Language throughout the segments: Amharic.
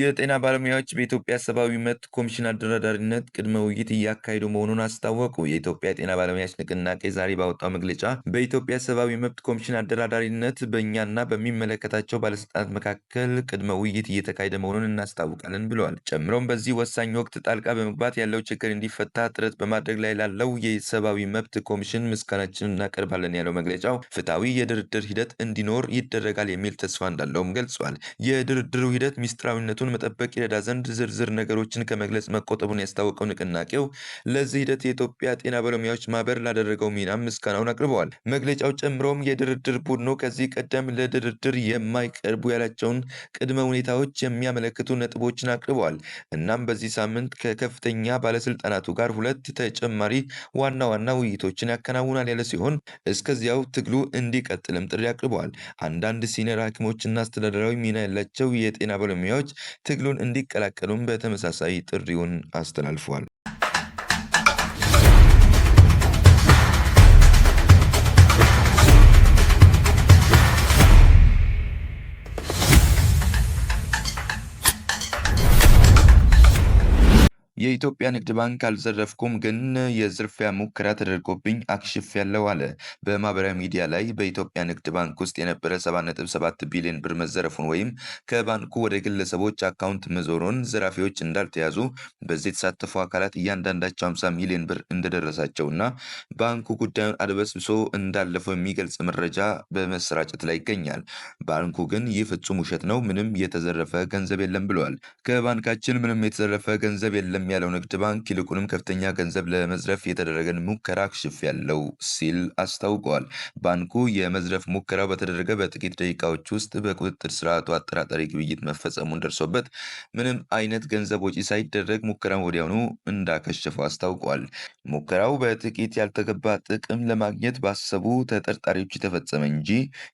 የጤና ባለሙያዎች በኢትዮጵያ ሰብአዊ መብት ኮሚሽን አደራዳሪነት ቅድመ ውይይት እያካሄዱ መሆኑን አስታወቁ። የኢትዮጵያ የጤና ባለሙያዎች ንቅናቄ ዛሬ ባወጣው መግለጫ በኢትዮጵያ ሰብአዊ መብት ኮሚሽን አደራዳሪነት በእኛና በሚመለከታቸው ባለስልጣናት መካከል ቅድመ ውይይት እየተካሄደ መሆኑን እናስታውቃለን ብለዋል። ጨምሮም በዚህ ወሳኝ ወቅት ጣልቃ በመግባት ያለው ችግር እንዲፈታ ጥረት በማድረግ ላይ ላለው የሰብአዊ መብት ኮሚሽን ምስጋናችን እናቀርባለን ያለው መግለጫው ፍትሐዊ የድርድር ሂደት እንዲኖር ይደረጋል የሚል ተስፋ እንዳለውም ገልጿል። የድርድሩ ሂደት ሚስጥራዊነቱ ደህንነቱን መጠበቅ ይረዳ ዘንድ ዝርዝር ነገሮችን ከመግለጽ መቆጠቡን ያስታወቀው ንቅናቄው ለዚህ ሂደት የኢትዮጵያ ጤና ባለሙያዎች ማህበር ላደረገው ሚና ምስጋናውን አቅርበዋል። መግለጫው ጨምሮም የድርድር ቡድኑ ከዚህ ቀደም ለድርድር የማይቀርቡ ያላቸውን ቅድመ ሁኔታዎች የሚያመለክቱ ነጥቦችን አቅርበዋል። እናም በዚህ ሳምንት ከከፍተኛ ባለስልጣናቱ ጋር ሁለት ተጨማሪ ዋና ዋና ውይይቶችን ያከናውናል ያለ ሲሆን እስከዚያው ትግሉ እንዲቀጥልም ጥሪ አቅርበዋል። አንዳንድ ሲኒየር ሐኪሞችና አስተዳደራዊ ሚና ያላቸው የጤና ባለሙያዎች ትግሉን እንዲቀላቀሉም በተመሳሳይ ጥሪውን አስተላልፏል። የኢትዮጵያ ንግድ ባንክ አልዘረፍኩም፣ ግን የዝርፊያ ሙከራ ተደርጎብኝ ያለው አለ። በማህበራዊ ሚዲያ ላይ በኢትዮጵያ ንግድ ባንክ ውስጥ የነበረ 7.7 ቢሊዮን ብር መዘረፉን ወይም ከባንኩ ወደ ግለሰቦች አካውንት መዞሩን፣ ዘራፊዎች እንዳልተያዙ፣ በዚህ የተሳተፉ አካላት እያንዳንዳቸው 50 ሚሊዮን ብር እና ባንኩ ጉዳዩን አድበስብሶ እንዳለፈው የሚገልጽ መረጃ በመሰራጨት ላይ ይገኛል። ባንኩ ግን ይህ ፍጹም ውሸት ነው፣ ምንም የተዘረፈ ገንዘብ የለም ብለዋል። ከባንካችን ምንም የተዘረፈ ገንዘብ የለም ያለው ንግድ ባንክ ይልቁንም ከፍተኛ ገንዘብ ለመዝረፍ የተደረገን ሙከራ ያለው ሲል አስታውቀዋል። ባንኩ የመዝረፍ ሙከራው በተደረገ በጥቂት ደቂቃዎች ውስጥ በቁጥጥር ስርዓቱ አጠራጣሪ ግብይት መፈጸሙን ደርሶበት ምንም አይነት ገንዘብ ወጪ ሳይደረግ ሙከራን ወዲያውኑ እንዳከሸፈው አስታውቋል። ሙከራው በጥቂት ያልተገባ ጥቅም ለማግኘት ባሰቡ ተጠርጣሪዎች የተፈጸመ እንጂ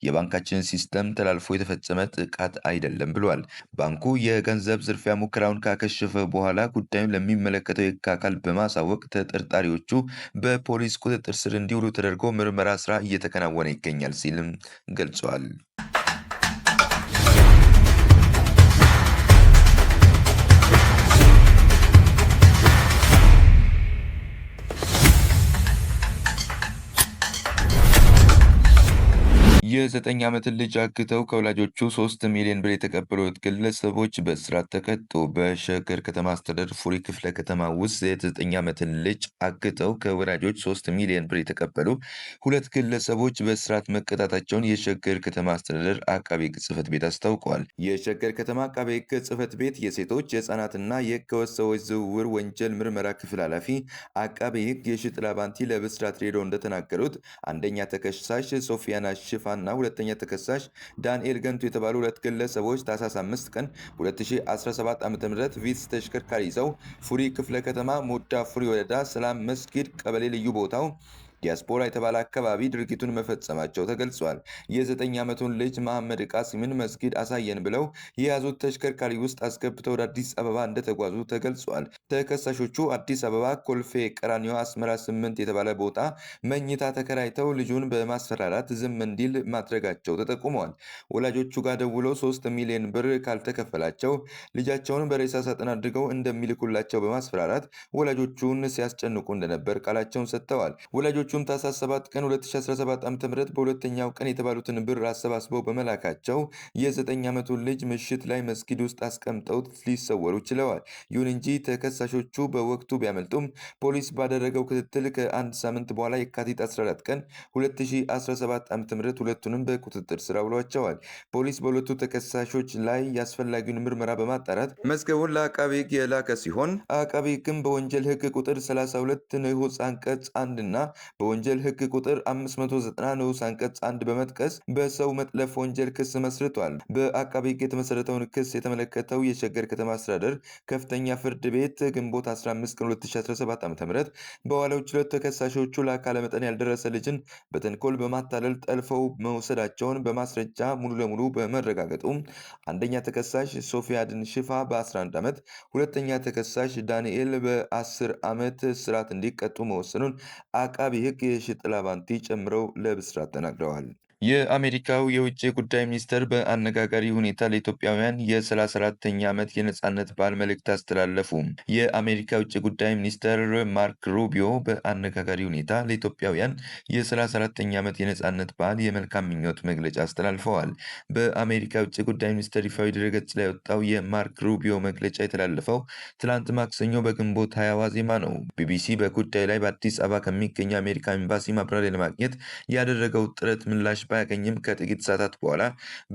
የባንካችን ሲስተም ተላልፎ የተፈጸመ ጥቃት አይደለም ብሏል። ባንኩ የገንዘብ ዝርፊያ ሙከራውን ካከሸፈ በኋላ ጉዳዩን ለሚ ለሚመለከተው የህግ አካል በማሳወቅ ተጠርጣሪዎቹ በፖሊስ ቁጥጥር ስር እንዲውሉ ተደርጎ ምርመራ ስራ እየተከናወነ ይገኛል ሲልም ገልጿል። የዘጠኝ ዓመትን ልጅ አግተው ከወላጆቹ ሶስት ሚሊዮን ብር የተቀበሉት ግለሰቦች በእስራት ተቀጡ። በሸገር ከተማ አስተዳደር ፉሪ ክፍለ ከተማ ውስጥ የዘጠኝ ዓመትን ልጅ አግተው ከወላጆች ሶስት ሚሊዮን ብር የተቀበሉ ሁለት ግለሰቦች በእስራት መቀጣታቸውን የሸገር ከተማ አስተዳደር አቃቤ ሕግ ጽሕፈት ቤት አስታውቋል። የሸገር ከተማ አቃቤ ሕግ ጽሕፈት ቤት የሴቶች የሕፃናትና የሕገወጥ ሰዎች ዝውውር ወንጀል ምርመራ ክፍል ኃላፊ አቃቤ ሕግ የሽጥላ ባንቲ ለብስራት ሬዲዮ እንደተናገሩት አንደኛ ተከሳሽ ሶፊያና ሽፋን እና ሁለተኛ ተከሳሽ ዳንኤል ገንቱ የተባሉ ሁለት ግለሰቦች ታህሳስ 5 ቀን 2017 ዓ.ም ቪትስ ተሽከርካሪ ይዘው ፉሪ ክፍለ ከተማ ሞዳ ፉሪ ወረዳ ሰላም መስጊድ ቀበሌ ልዩ ቦታው ዲያስፖራ የተባለ አካባቢ ድርጊቱን መፈጸማቸው ተገልጿል። የዘጠኝ ዓመቱን ልጅ መሐመድ ቃሲምን መስጊድ አሳየን ብለው የያዙት ተሽከርካሪ ውስጥ አስገብተው ወደ አዲስ አበባ እንደተጓዙ ተገልጿል። ተከሳሾቹ አዲስ አበባ ኮልፌ ቀራኒዮ አስመራ ስምንት የተባለ ቦታ መኝታ ተከራይተው ልጁን በማስፈራራት ዝም እንዲል ማድረጋቸው ተጠቁመዋል። ወላጆቹ ጋር ደውለው ሶስት ሚሊዮን ብር ካልተከፈላቸው ልጃቸውን በሬሳ ሳጥን አድርገው እንደሚልኩላቸው በማስፈራራት ወላጆቹን ሲያስጨንቁ እንደነበር ቃላቸውን ሰጥተዋል። ወላጆ ተማሪዎቹም ታህሳስ 7 ቀን 2017 ዓ.ም በሁለተኛው ቀን የተባሉትን ብር አሰባስበው በመላካቸው የ9 ዓመቱን ልጅ ምሽት ላይ መስጊድ ውስጥ አስቀምጠው ሊሰወሩ ችለዋል። ይሁን እንጂ ተከሳሾቹ በወቅቱ ቢያመልጡም ፖሊስ ባደረገው ክትትል ከአንድ ሳምንት በኋላ የካቲት 14 ቀን 2017 ዓ.ም ሁለቱንም በቁጥጥር ስር አውሏቸዋል። ፖሊስ በሁለቱ ተከሳሾች ላይ የአስፈላጊውን ምርመራ በማጣራት መዝገቡን ለአቃቢ ሕግ የላከ ሲሆን አቃቢ ሕግም በወንጀል ሕግ ቁጥር 32 ንዑስ አንቀጽ አንድና በወንጀል ህግ ቁጥር 590 ንዑስ አንቀጽ አንድ በመጥቀስ በሰው መጥለፍ ወንጀል ክስ መስርቷል። በአቃቤ ህግ የተመሰረተውን ክስ የተመለከተው የሸገር ከተማ አስተዳደር ከፍተኛ ፍርድ ቤት ግንቦት 15 ቀን 2017 ዓ.ም በዋለው ችሎት ተከሳሾቹ ለአካለ መጠን ያልደረሰ ልጅን በተንኮል በማታለል ጠልፈው መውሰዳቸውን በማስረጃ ሙሉ ለሙሉ በመረጋገጡ አንደኛ ተከሳሽ ሶፊያድን ሽፋ በ11 ዓመት፣ ሁለተኛ ተከሳሽ ዳንኤል በ10 ዓመት ስርዓት እንዲቀጡ መወሰኑን አቃቢ የኬየሺ ጥላባንቲ ጨምረው ለብስራት ተናግረዋል። የአሜሪካው የውጭ ጉዳይ ሚኒስትር በአነጋጋሪ ሁኔታ ለኢትዮጵያውያን የ34ተኛ ዓመት የነፃነት በዓል መልእክት አስተላለፉ። የአሜሪካ የውጭ ጉዳይ ሚኒስትር ማርክ ሩቢዮ በአነጋጋሪ ሁኔታ ለኢትዮጵያውያን የ 34 ኛ ዓመት የነፃነት በዓል የመልካም ምኞት መግለጫ አስተላልፈዋል። በአሜሪካ የውጭ ጉዳይ ሚኒስትር ይፋዊ ድረገጽ ላይ ወጣው የማርክ ሩቢዮ መግለጫ የተላለፈው ትላንት ማክሰኞ በግንቦት ሀያ ዋዜማ ነው። ቢቢሲ በጉዳዩ ላይ በአዲስ አበባ ከሚገኘው አሜሪካ ኤምባሲ ማብራሪያ ለማግኘት ያደረገው ጥረት ምላሽ ባያገኝም ከጥቂት ሰዓታት በኋላ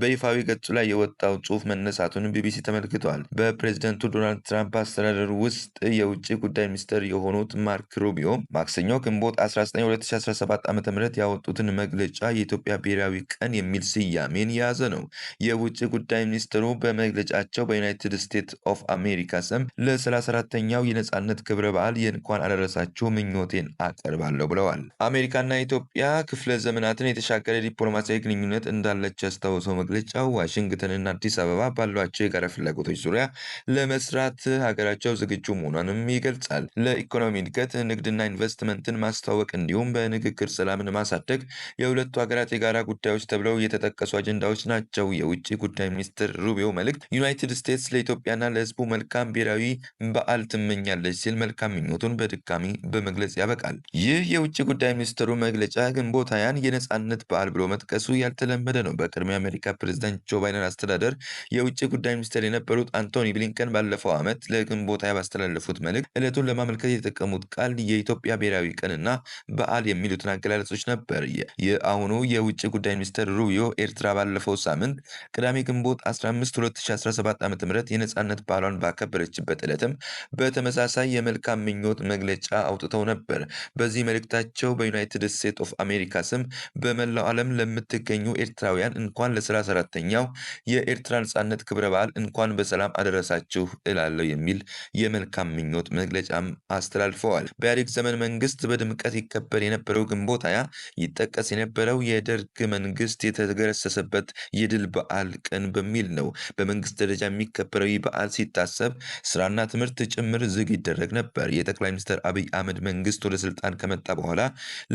በይፋዊ ገጹ ላይ የወጣው ጽሁፍ መነሳቱን ቢቢሲ ተመልክቷል። በፕሬዚደንቱ ዶናልድ ትራምፕ አስተዳደር ውስጥ የውጭ ጉዳይ ሚኒስትር የሆኑት ማርክ ሩቢዮ ማክሰኞ ግንቦት 192017 ዓ ም ያወጡትን መግለጫ የኢትዮጵያ ብሔራዊ ቀን የሚል ስያሜን የያዘ ነው። የውጭ ጉዳይ ሚኒስትሩ በመግለጫቸው በዩናይትድ ስቴትስ ኦፍ አሜሪካ ስም ለ34ተኛው የነጻነት ክብረ በዓል የእንኳን አደረሳችሁ ምኞቴን አቀርባለሁ ብለዋል። አሜሪካና ኢትዮጵያ ክፍለ ዘመናትን የተሻገረ ዲፖ ዲፕሎማሲያዊ ግንኙነት እንዳለች ያስታወሰው መግለጫው ዋሽንግተንና አዲስ አበባ ባሏቸው የጋራ ፍላጎቶች ዙሪያ ለመስራት ሀገራቸው ዝግጁ መሆኗንም ይገልጻል። ለኢኮኖሚ እድገት፣ ንግድና ኢንቨስትመንትን ማስታወቅ እንዲሁም በንግግር ሰላምን ማሳደግ የሁለቱ ሀገራት የጋራ ጉዳዮች ተብለው የተጠቀሱ አጀንዳዎች ናቸው። የውጭ ጉዳይ ሚኒስትር ሩቢዮ መልእክት ዩናይትድ ስቴትስ ለኢትዮጵያና ለሕዝቡ መልካም ብሔራዊ በዓል ትመኛለች ሲል መልካም ምኞቱን በድጋሚ በመግለጽ ያበቃል። ይህ የውጭ ጉዳይ ሚኒስትሩ መግለጫ ግንቦት ሃያን የነጻነት በዓል ብሎ መጥቀሱ ያልተለመደ ነው። በቅድሚ የአሜሪካ ፕሬዚዳንት ጆ ባይደን አስተዳደር የውጭ ጉዳይ ሚኒስትር የነበሩት አንቶኒ ብሊንከን ባለፈው ዓመት ለግንቦት ሃያ ባስተላለፉት መልእክት ዕለቱን ለማመልከት የተጠቀሙት ቃል የኢትዮጵያ ብሔራዊ ቀንና በዓል የሚሉትን አገላለጾች ነበር። የአሁኑ የውጭ ጉዳይ ሚኒስትር ሩቢዮ ኤርትራ ባለፈው ሳምንት ቅዳሜ ግንቦት 15 2017 ዓ ም የነፃነት በዓሏን ባከበረችበት ዕለትም በተመሳሳይ የመልካም ምኞት መግለጫ አውጥተው ነበር። በዚህ መልእክታቸው በዩናይትድ ስቴትስ ኦፍ አሜሪካ ስም በመላው ዓለም ለምትገኙ ኤርትራውያን እንኳን ለስራ ሰራተኛው የኤርትራ ነጻነት ክብረ በዓል እንኳን በሰላም አደረሳችሁ እላለሁ የሚል የመልካም ምኞት መግለጫም አስተላልፈዋል። በኢህአዴግ ዘመን መንግስት በድምቀት ይከበር የነበረው ግንቦት ሃያ ይጠቀስ የነበረው የደርግ መንግስት የተገረሰሰበት የድል በዓል ቀን በሚል ነው። በመንግስት ደረጃ የሚከበረው ይህ በዓል ሲታሰብ ስራና ትምህርት ጭምር ዝግ ይደረግ ነበር። የጠቅላይ ሚኒስትር አብይ አህመድ መንግስት ወደ ስልጣን ከመጣ በኋላ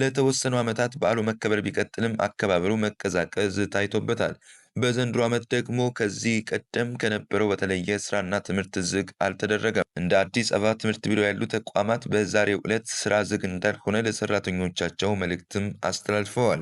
ለተወሰኑ ዓመታት በዓሉ መከበር ቢቀጥልም አካባቢ ማህበሩ መቀዛቀዝ ታይቶበታል። በዘንድሮ ዓመት ደግሞ ከዚህ ቀደም ከነበረው በተለየ ስራና ትምህርት ዝግ አልተደረገም። እንደ አዲስ አበባ ትምህርት ቢሮ ያሉ ተቋማት በዛሬው ዕለት ስራ ዝግ እንዳልሆነ ለሰራተኞቻቸው መልእክትም አስተላልፈዋል።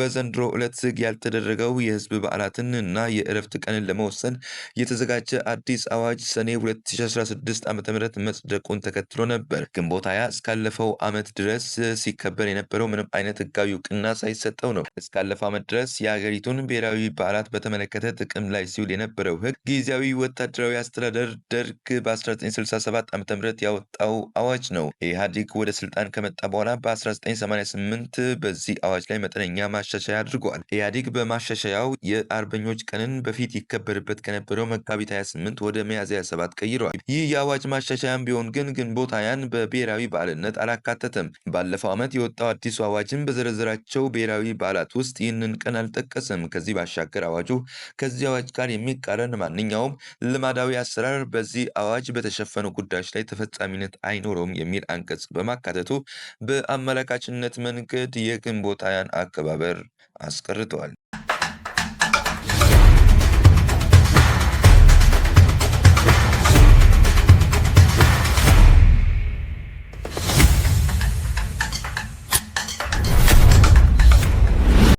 በዘንድሮ ዕለት ዝግ ያልተደረገው የህዝብ በዓላትን እና የእረፍት ቀንን ለመወሰን የተዘጋጀ አዲስ አዋጅ ሰኔ 2016 ዓ ም መጽደቁን ተከትሎ ነበር። ግንቦት ሃያ እስካለፈው ዓመት ድረስ ሲከበር የነበረው ምንም አይነት ህጋዊ እውቅና ሳይሰጠው ነው። እስካለፈው ዓመት ድረስ የሀገሪቱን ብሔራዊ በዓላት ልማት በተመለከተ ጥቅም ላይ ሲውል የነበረው ህግ ጊዜያዊ ወታደራዊ አስተዳደር ደርግ በ1967 ዓ ም ያወጣው አዋጅ ነው። ኢህአዲግ ወደ ስልጣን ከመጣ በኋላ በ1988 በዚህ አዋጅ ላይ መጠነኛ ማሻሻያ አድርጓል። ኢህአዲግ በማሻሻያው የአርበኞች ቀንን በፊት ይከበርበት ከነበረው መጋቢት 28 ወደ ሚያዝያ 7 ቀይረዋል። ይህ የአዋጅ ማሻሻያም ቢሆን ግን ግንቦት ሃያን በብሔራዊ በዓልነት አላካተተም። ባለፈው ዓመት የወጣው አዲሱ አዋጅም በዘረዘራቸው ብሔራዊ በዓላት ውስጥ ይህንን ቀን አልጠቀሰም። ከዚህ ባሻገር አዋጁ ከዚህ አዋጅ ጋር የሚቃረን ማንኛውም ልማዳዊ አሰራር በዚህ አዋጅ በተሸፈኑ ጉዳዮች ላይ ተፈጻሚነት አይኖረውም የሚል አንቀጽ በማካተቱ በአመላካችነት መንገድ የግንቦታውያን አከባበር አስቀርተዋል።